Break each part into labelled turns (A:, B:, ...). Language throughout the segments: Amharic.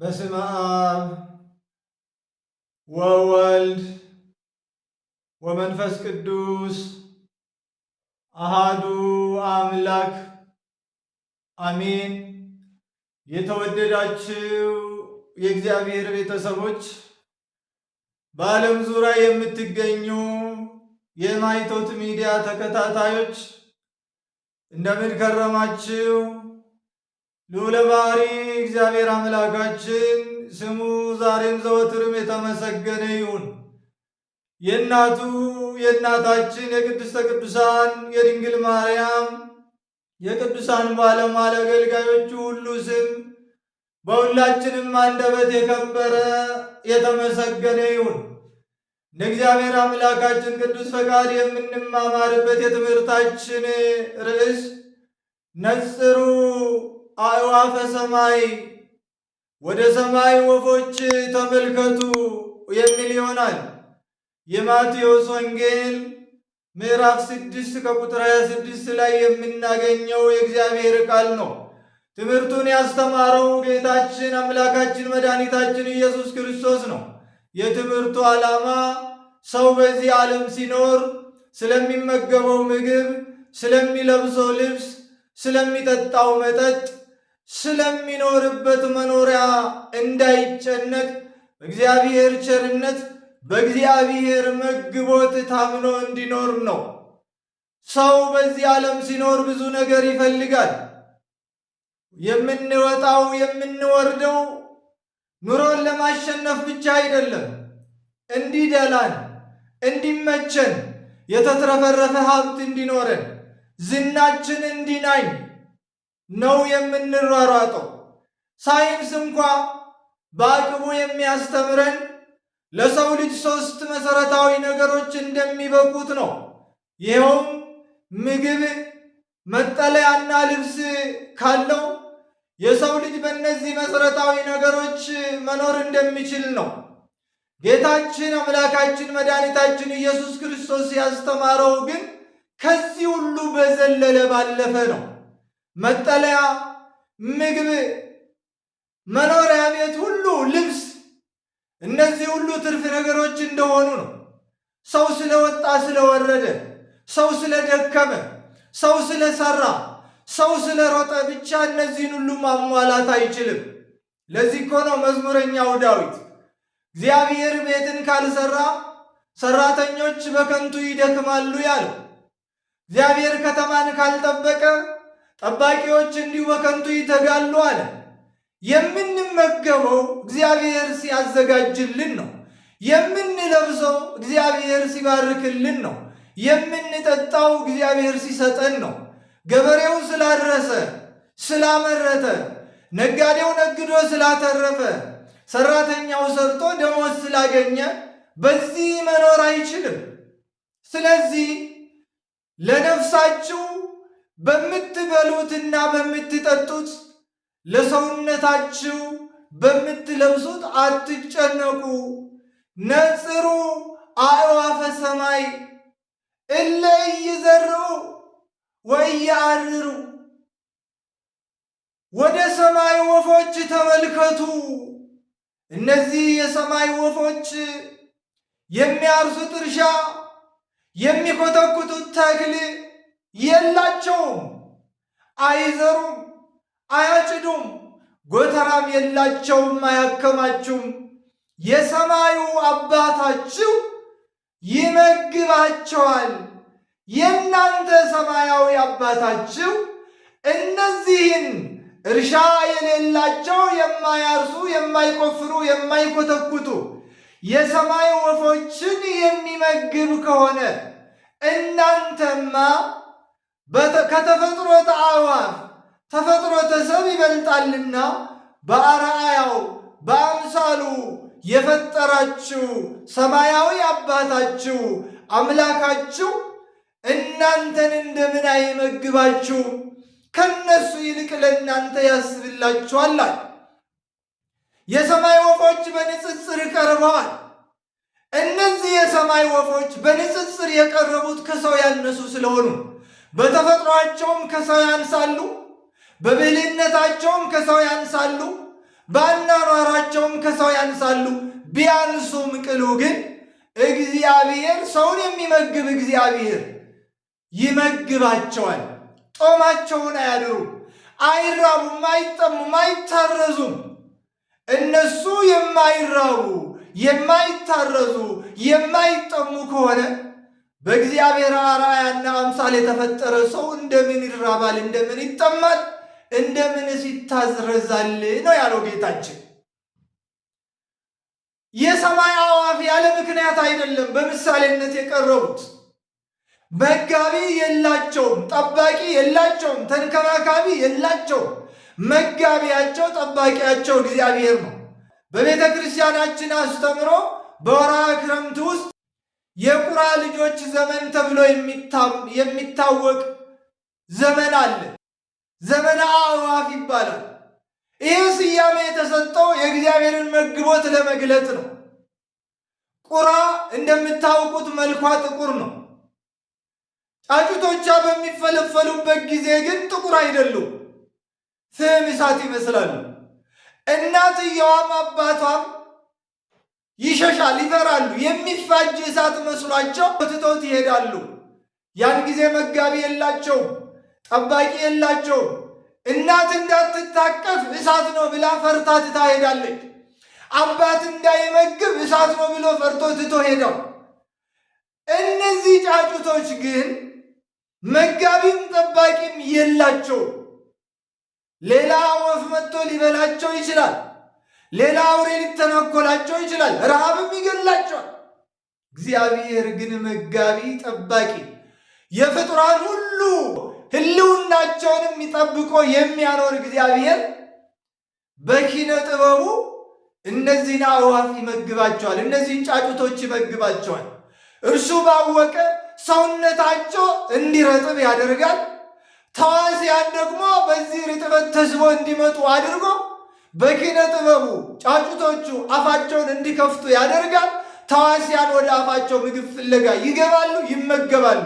A: በስመ አብ ወወልድ ወመንፈስ ቅዱስ አሃዱ አምላክ አሜን። የተወደዳችው የእግዚአብሔር ቤተሰቦች በዓለም ዙሪያ የምትገኙ የማይቶት ሚዲያ ተከታታዮች እንደምን ከረማችው ልዑለ እግዚአብሔር አምላካችን ስሙ ዛሬም ዘወትርም የተመሰገነ ይሁን። የእናቱ የእናታችን የቅድስተ ቅዱሳን የድንግል ማርያም የቅዱሳን ባለሟል አገልጋዮቹ ሁሉ ስም በሁላችንም አንደበት የከበረ የተመሰገነ ይሁን። ለእግዚአብሔር አምላካችን ቅዱስ ፈቃድ የምንማማርበት የትምህርታችን ርዕስ ነጽሩ አእዋፈ ሰማይ ወደ ሰማይ ወፎች ተመልከቱ የሚል ይሆናል። የማቴዎስ ወንጌል ምዕራፍ 6 ከቁጥር 26 ላይ የምናገኘው የእግዚአብሔር ቃል ነው። ትምህርቱን ያስተማረው ጌታችን አምላካችን መድኃኒታችን ኢየሱስ ክርስቶስ ነው። የትምህርቱ ዓላማ ሰው በዚህ ዓለም ሲኖር ስለሚመገበው ምግብ፣ ስለሚለብሰው ልብስ፣ ስለሚጠጣው መጠጥ ስለሚኖርበት መኖሪያ እንዳይጨነቅ በእግዚአብሔር ቸርነት በእግዚአብሔር መግቦት ታምኖ እንዲኖር ነው። ሰው በዚህ ዓለም ሲኖር ብዙ ነገር ይፈልጋል። የምንወጣው የምንወርደው ኑሮን ለማሸነፍ ብቻ አይደለም። እንዲደላን፣ እንዲመቸን፣ የተትረፈረፈ ሀብት እንዲኖረን፣ ዝናችን እንዲናኝ ነው የምንሯሯጠው። ሳይንስ እንኳ በአቅሙ የሚያስተምረን ለሰው ልጅ ሶስት መሰረታዊ ነገሮች እንደሚበቁት ነው። ይኸውም ምግብ፣ መጠለያና ልብስ ካለው የሰው ልጅ በእነዚህ መሰረታዊ ነገሮች መኖር እንደሚችል ነው። ጌታችን አምላካችን መድኃኒታችን ኢየሱስ ክርስቶስ ያስተማረው ግን ከዚህ ሁሉ በዘለለ ባለፈ ነው። መጠለያ፣ ምግብ፣ መኖሪያ ቤት ሁሉ ልብስ፣ እነዚህ ሁሉ ትርፍ ነገሮች እንደሆኑ ነው። ሰው ስለወጣ ስለወረደ፣ ሰው ስለደከመ፣ ሰው ስለሰራ፣ ሰው ስለሮጠ ብቻ እነዚህን ሁሉ ማሟላት አይችልም። ለዚህ እኮ ነው መዝሙረኛው ዳዊት እግዚአብሔር ቤትን ካልሰራ ሰራተኞች በከንቱ ይደክማሉ ያለው። እግዚአብሔር ከተማን ካልጠበቀ ጠባቂዎች እንዲሁ በከንቱ ይተጋሉ አለ። የምንመገበው እግዚአብሔር ሲያዘጋጅልን ነው። የምንለብሰው እግዚአብሔር ሲባርክልን ነው። የምንጠጣው እግዚአብሔር ሲሰጠን ነው። ገበሬው ስላረሰ ስላመረተ፣ ነጋዴው ነግዶ ስላተረፈ፣ ሰራተኛው ሰርቶ ደሞዝ ስላገኘ በዚህ መኖር አይችልም። ስለዚህ ለነፍሳችሁ በምትበሉትና በምትጠጡት ለሰውነታችሁ በምትለብሱት አትጨነቁ። ነጽሩ አእዋፈ ሰማይ እለ እይዘሩ ወኢያዕርሩ። ወደ ሰማይ ወፎች ተመልከቱ። እነዚህ የሰማይ ወፎች የሚያርሱት እርሻ፣ የሚኮተኩቱት ተክል የላቸውም፣ አይዘሩም፣ አያጭዱም፣ ጎተራም የላቸውም፣ አያከማችሁም የሰማዩ አባታችሁ ይመግባቸዋል። የእናንተ ሰማያዊ አባታችሁ እነዚህን እርሻ የሌላቸው የማያርሱ፣ የማይቆፍሩ፣ የማይኮተኩቱ የሰማይ ወፎችን የሚመግብ ከሆነ እናንተማ ከተፈጥሮተ አዕዋፍ ተፈጥሮተ ሰብ ይበልጣልና በአርአያው በአምሳሉ የፈጠራችሁ ሰማያዊ አባታችሁ አምላካችሁ እናንተን እንደምን አይመግባችሁ? ከነሱ ይልቅ ለእናንተ ያስብላችኋል። የሰማይ ወፎች በንጽጽር ቀርበዋል። እነዚህ የሰማይ ወፎች በንጽጽር የቀረቡት ከሰው ያነሱ ስለሆኑ በተፈጥሯቸውም ከሰው ያንሳሉ፣ በብልህነታቸውም ከሰው ያንሳሉ፣ በአኗኗራቸውም ከሰው ያንሳሉ። ቢያንሱም ቅሉ ግን እግዚአብሔር ሰውን የሚመግብ እግዚአብሔር ይመግባቸዋል። ጦማቸውን አያድሩ፣ አይራቡም፣ አይጠሙም፣ አይታረዙም። እነሱ የማይራቡ የማይታረዙ የማይጠሙ ከሆነ በእግዚአብሔር አርአያና አምሳል የተፈጠረ ሰው እንደምን ይራባል? እንደምን ይጠማል? እንደምንስ ሲታዝረዛል ነው ያለው ጌታችን። የሰማይ አዋፊ ያለ ምክንያት አይደለም በምሳሌነት የቀረቡት። መጋቢ የላቸውም፣ ጠባቂ የላቸውም፣ ተንከባካቢ የላቸውም። መጋቢያቸው ጠባቂያቸው እግዚአብሔር ነው። በቤተ ክርስቲያናችን አስተምሮ በወርሃ ክረምት ውስጥ የቁራ ልጆች ዘመን ተብሎ የሚታወቅ ዘመን አለ። ዘመነ አእዋፍ ይባላል። ይህ ስያሜ የተሰጠው የእግዚአብሔርን መግቦት ለመግለጥ ነው። ቁራ እንደምታውቁት መልኳ ጥቁር ነው። ጫጩቶቿ በሚፈለፈሉበት ጊዜ ግን ጥቁር አይደሉም፣ ፍም እሳት ይመስላሉ። እናትየዋም አባቷም ይሸሻል፣ ይፈራሉ። የሚፋጅ እሳት መስሏቸው ትቶት ይሄዳሉ። ያን ጊዜ መጋቢ የላቸውም፣ ጠባቂ የላቸውም። እናት እንዳትታቀፍ እሳት ነው ብላ ፈርታ ትታ ሄዳለች። አባት እንዳይመግብ እሳት ነው ብሎ ፈርቶ ትቶ ሄደው። እነዚህ ጫጩቶች ግን መጋቢም ጠባቂም የላቸው ሌላ ወፍ መጥቶ ሊበላቸው ይችላል። ሌላ አውሬ ሊተነኮላቸው ይችላል፣ ረሃብም ይገላቸዋል። እግዚአብሔር ግን መጋቢ፣ ጠባቂ የፍጡራን ሁሉ ህልውናቸውንም የሚጠብቆ የሚያኖር እግዚአብሔር በኪነ ጥበቡ እነዚህን አዕዋፍ ይመግባቸዋል፣ እነዚህን ጫጩቶች ይመግባቸዋል። እርሱ ባወቀ ሰውነታቸው እንዲረጥብ ያደርጋል። ተዋሲያን ደግሞ በዚህ ርጥበት ተስቦ እንዲመጡ አድርጎ በኪነ ጥበቡ ጫጩቶቹ አፋቸውን እንዲከፍቱ ያደርጋል። ታዋሲያን ወደ አፋቸው ምግብ ፍለጋ ይገባሉ፣ ይመገባሉ።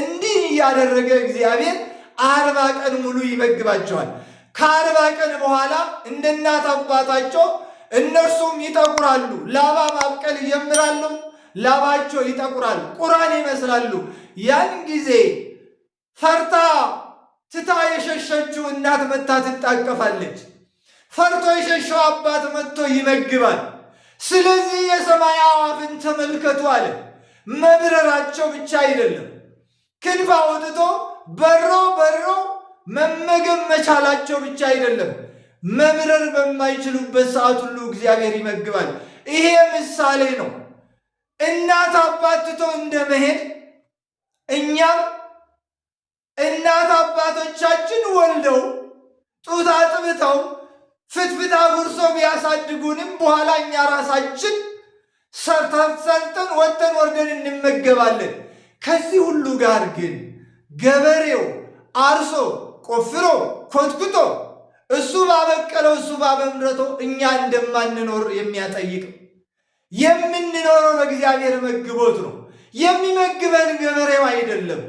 A: እንዲህ እያደረገ እግዚአብሔር አርባ ቀን ሙሉ ይመግባቸዋል። ከአርባ ቀን በኋላ እንደ እናት አባታቸው እነርሱም ይጠቁራሉ። ላባ ማብቀል ይጀምራሉ። ላባቸው ይጠቁራል፣ ቁራን ይመስላሉ። ያን ጊዜ ፈርታ ትታ የሸሸችው እናት መታ ትጣቀፋለች። ፈርቶ የሸሸው አባት መጥቶ ይመግባል። ስለዚህ የሰማይ አዋፍን ተመልከቱ አለ። መብረራቸው ብቻ አይደለም፣ ክንፍ አውጥቶ በሮ በሮ መመገብ መቻላቸው ብቻ አይደለም፣ መብረር በማይችሉበት ሰዓት ሁሉ እግዚአብሔር ይመግባል። ይሄ ምሳሌ ነው። እናት አባት ትቶ እንደ መሄድ እኛም እናት አባቶቻችን ወልደው ጡት አጥብተው ፍትፍታ ጉርሶ ቢያሳድጉንም በኋላ እኛ ራሳችን ሰርተን ሰርተን ወጥተን ወርደን እንመገባለን። ከዚህ ሁሉ ጋር ግን ገበሬው አርሶ ቆፍሮ ኮትኩቶ እሱ ባበቀለው እሱ ባበምረቶ እኛ እንደማንኖር የሚያጠይቅ የምንኖረው በእግዚአብሔር መግቦት ነው። የሚመግበን ገበሬው አይደለም።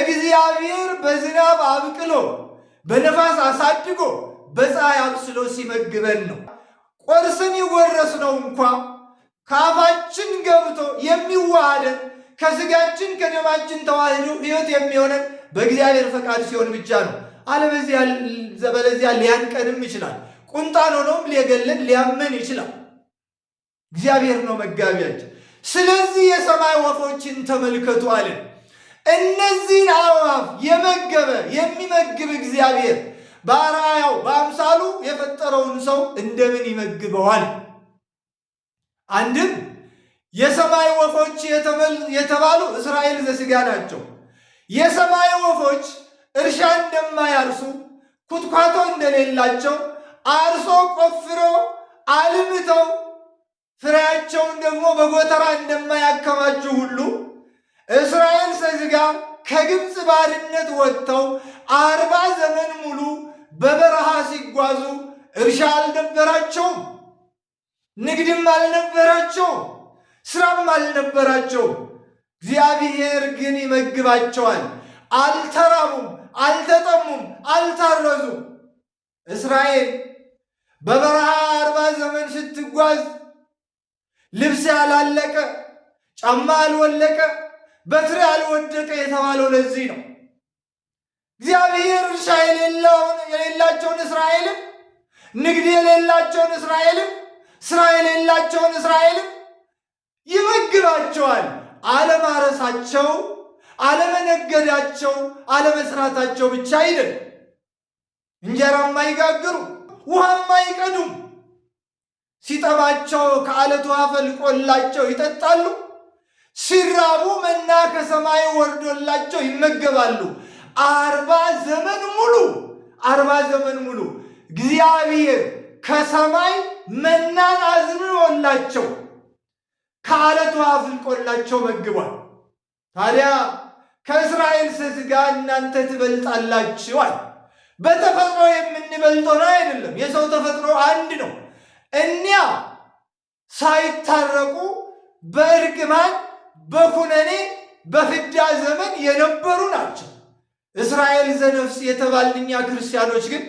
A: እግዚአብሔር በዝናብ አብቅሎ በነፋስ አሳድጎ በፀሐይ አብስሎ ሲመግበን ነው። ቆርስን ይወረስ ነው እንኳ ከአፋችን ገብቶ የሚዋሃደን ከስጋችን ከደማችን ተዋህዶ ሕይወት የሚሆነን በእግዚአብሔር ፈቃድ ሲሆን ብቻ ነው። አለበለዚያ ሊያንቀንም ይችላል። ቁንጣን ሆኖም ሊገለን ሊያመን ይችላል። እግዚአብሔር ነው መጋቢያችን። ስለዚህ የሰማይ ወፎችን ተመልከቱ አለን። እነዚህን አዕዋፍ የመገበ የሚመግብ እግዚአብሔር በአርአያው በአምሳሉ የፈጠረውን ሰው እንደምን ይመግበዋል? አንድም የሰማይ ወፎች የተባሉ እስራኤል ዘስጋ ናቸው። የሰማይ ወፎች እርሻ እንደማያርሱ ኩትኳቶ እንደሌላቸው አርሶ ቆፍሮ አልምተው ፍሬያቸውን ደግሞ በጎተራ እንደማያከማቹ ሁሉ እስራኤል ዘሥጋ ከግብፅ ባርነት ወጥተው አርባ ዘመን ሙሉ በበረሃ ሲጓዙ እርሻ አልነበራቸው! ንግድም አልነበራቸው! ስራም አልነበራቸው እግዚአብሔር ግን ይመግባቸዋል። አልተራቡም፣ አልተጠሙም፣ አልታረዙም። እስራኤል በበረሃ አርባ ዘመን ስትጓዝ ልብስ ያላለቀ ጫማ ያልወለቀ በትሬ አልወደቀ የተባለው ለዚህ ነው። እግዚአብሔር እርሻ የሌላቸውን እስራኤልን፣ ንግድ የሌላቸውን እስራኤልን፣ ስራ የሌላቸውን እስራኤልን ይመግባቸዋል። አለማረሳቸው፣ አለመነገዳቸው፣ አለመስራታቸው ብቻ አይደል። እንጀራም ማይጋግሩ ውሃም አይቀዱም። ሲጠማቸው ከአለቱ ውሃ ፈልቆላቸው ይጠጣሉ። ሲራቡ መና ከሰማይ ወርዶላቸው ይመገባሉ። አርባ ዘመን ሙሉ አርባ ዘመን ሙሉ እግዚአብሔር ከሰማይ መናን አዝንቦላቸው ከአለት ውሃ አፍልቆላቸው መግቧል። ታዲያ ከእስራኤል ስት ጋር እናንተ ትበልጣላችኋል። በተፈጥሮ የምንበልጠው ነው አይደለም። የሰው ተፈጥሮ አንድ ነው። እኒያ ሳይታረቁ በእርግማን በኩነኔ በፍዳ ዘመን የነበሩ ናቸው። እስራኤል ዘነፍስ የተባልን እኛ ክርስቲያኖች ግን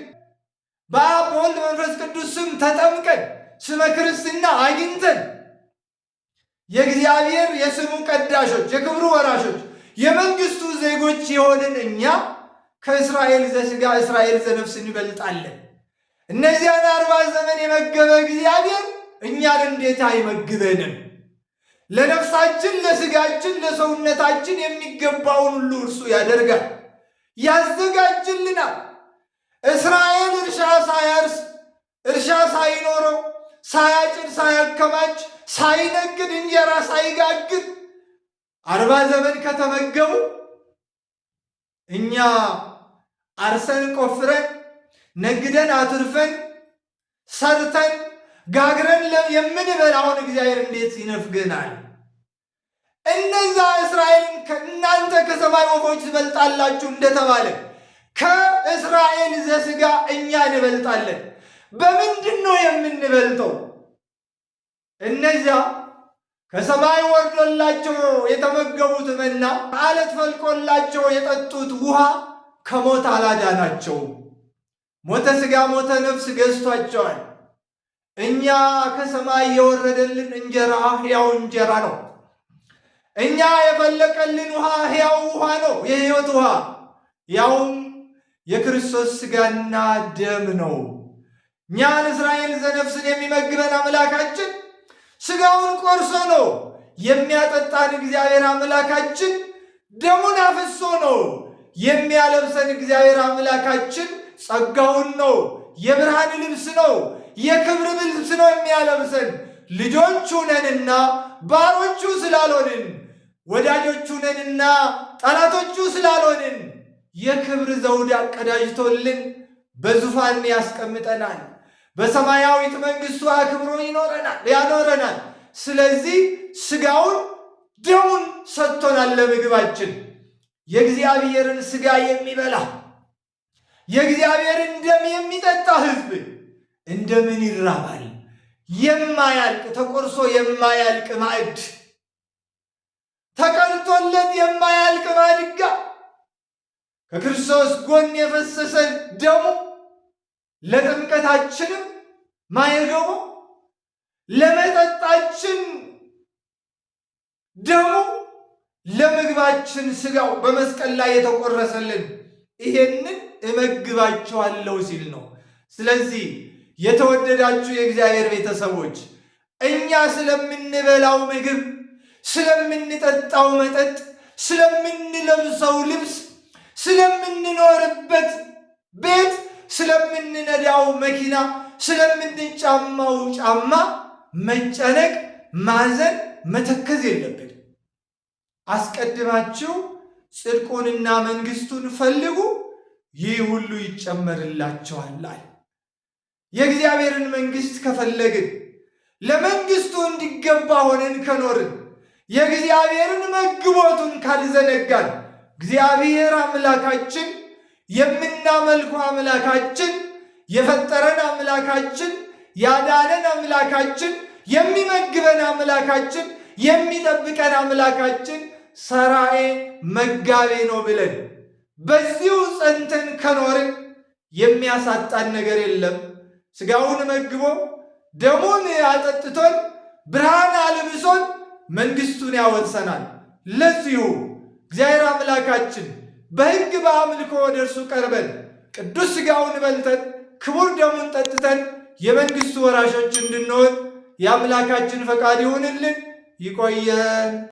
A: በአብ በወልድ መንፈስ ቅዱስ ስም ተጠምቀን ስመ ክርስትና አግኝተን የእግዚአብሔር የስሙ ቀዳሾች፣ የክብሩ ወራሾች፣ የመንግስቱ ዜጎች የሆንን እኛ ከእስራኤል ዘስጋ እስራኤል ዘነፍስ እንበልጣለን። እነዚያን አርባ ዘመን የመገበ እግዚአብሔር እኛን እንዴት አይመግበንም? ለነፍሳችን፣ ለስጋችን፣ ለሰውነታችን የሚገባውን ሁሉ እርሱ ያደርጋል። ያዘጋጅልናል። እስራኤል እርሻ ሳያርስ እርሻ ሳይኖረው ሳያጭድ ሳያከማች ሳይነግድ እንጀራ ሳይጋግር አርባ ዘመን ከተመገቡ እኛ አርሰን ቆፍረን ነግደን አትርፈን ሰርተን ጋግረን የምንበላውን እግዚአብሔር እንዴት ይነፍገናል? እነዛ እስራኤልን ከእናንተ ከሰማይ ወፎች ትበልጣላችሁ እንደተባለ ከእስራኤል ዘስጋ እኛ እንበልጣለን። በምንድን ነው የምንበልጠው? እነዚያ ከሰማይ ወርዶላቸው የተመገቡት መና፣ ከአለት ፈልቆላቸው የጠጡት ውሃ ከሞት ናቸው። ሞተ ስጋ ሞተ ነፍስ ገዝቷቸዋል። እኛ ከሰማይ የወረደልን እንጀራ ሕያው እንጀራ ነው። እኛ የፈለቀልን ውሃ ሕያው ውሃ ነው፣ የሕይወት ውሃ ያውም የክርስቶስ ሥጋና ደም ነው። እኛን እስራኤል ዘነፍስን የሚመግበን አምላካችን ሥጋውን ቆርሶ ነው የሚያጠጣን። እግዚአብሔር አምላካችን ደሙን አፍሶ ነው የሚያለብሰን። እግዚአብሔር አምላካችን ጸጋውን ነው የብርሃን ልብስ ነው የክብር ልብስ ነው የሚያለብሰን ልጆቹ ነንና ባሮቹ ስላልሆንን ወዳጆቹ ነንና ጠላቶቹ ስላልሆንን የክብር ዘውድ አቀዳጅቶልን በዙፋን ያስቀምጠናል። በሰማያዊት መንግሥቱ አክብሮ ይኖረናል ያኖረናል። ስለዚህ ሥጋውን ደሙን ሰጥቶናል ለምግባችን። የእግዚአብሔርን ሥጋ የሚበላ የእግዚአብሔርን ደም የሚጠጣ ሕዝብ እንደምን ይራባል? የማያልቅ ተቆርሶ የማያልቅ ማዕድ ተቀልጦለት የማያልቅ ማድጋ ከክርስቶስ ጎን የፈሰሰን ደሙ ለጥምቀታችንም ማየደሙ ለመጠጣችን ደሙ ለምግባችን ስጋው በመስቀል ላይ የተቆረሰልን ይሄንን እመግባችኋለሁ ሲል ነው። ስለዚህ የተወደዳችሁ የእግዚአብሔር ቤተሰቦች እኛ ስለምንበላው ምግብ ስለምንጠጣው መጠጥ፣ ስለምንለብሰው ልብስ፣ ስለምንኖርበት ቤት፣ ስለምንነዳው መኪና፣ ስለምንጫማው ጫማ መጨነቅ፣ ማዘን፣ መተከዝ የለብን። አስቀድማችሁ ጽድቁንና መንግስቱን ፈልጉ ይህ ሁሉ ይጨመርላችኋል። የእግዚአብሔርን መንግስት ከፈለግን ለመንግስቱ እንዲገባ ሆነን ከኖርን የእግዚአብሔርን መግቦቱን ካልዘነጋን እግዚአብሔር አምላካችን የምናመልኩ አምላካችን የፈጠረን አምላካችን ያዳነን አምላካችን የሚመግበን አምላካችን የሚጠብቀን አምላካችን ሰራኤ መጋቤ ነው ብለን በዚሁ ጸንተን ከኖርን የሚያሳጣን ነገር የለም። ስጋውን መግቦ ደሙን አጠጥቶን ብርሃን አልብሶን መንግስቱን ያወርሰናል። ለዚሁ እግዚአብሔር አምላካችን በሕግ በአምልኮ ወደ እርሱ ቀርበን ቅዱስ ሥጋውን በልተን ክቡር ደሙን ጠጥተን የመንግሥቱ ወራሾች እንድንሆን የአምላካችን ፈቃድ ይሁንልን። ይቆየን።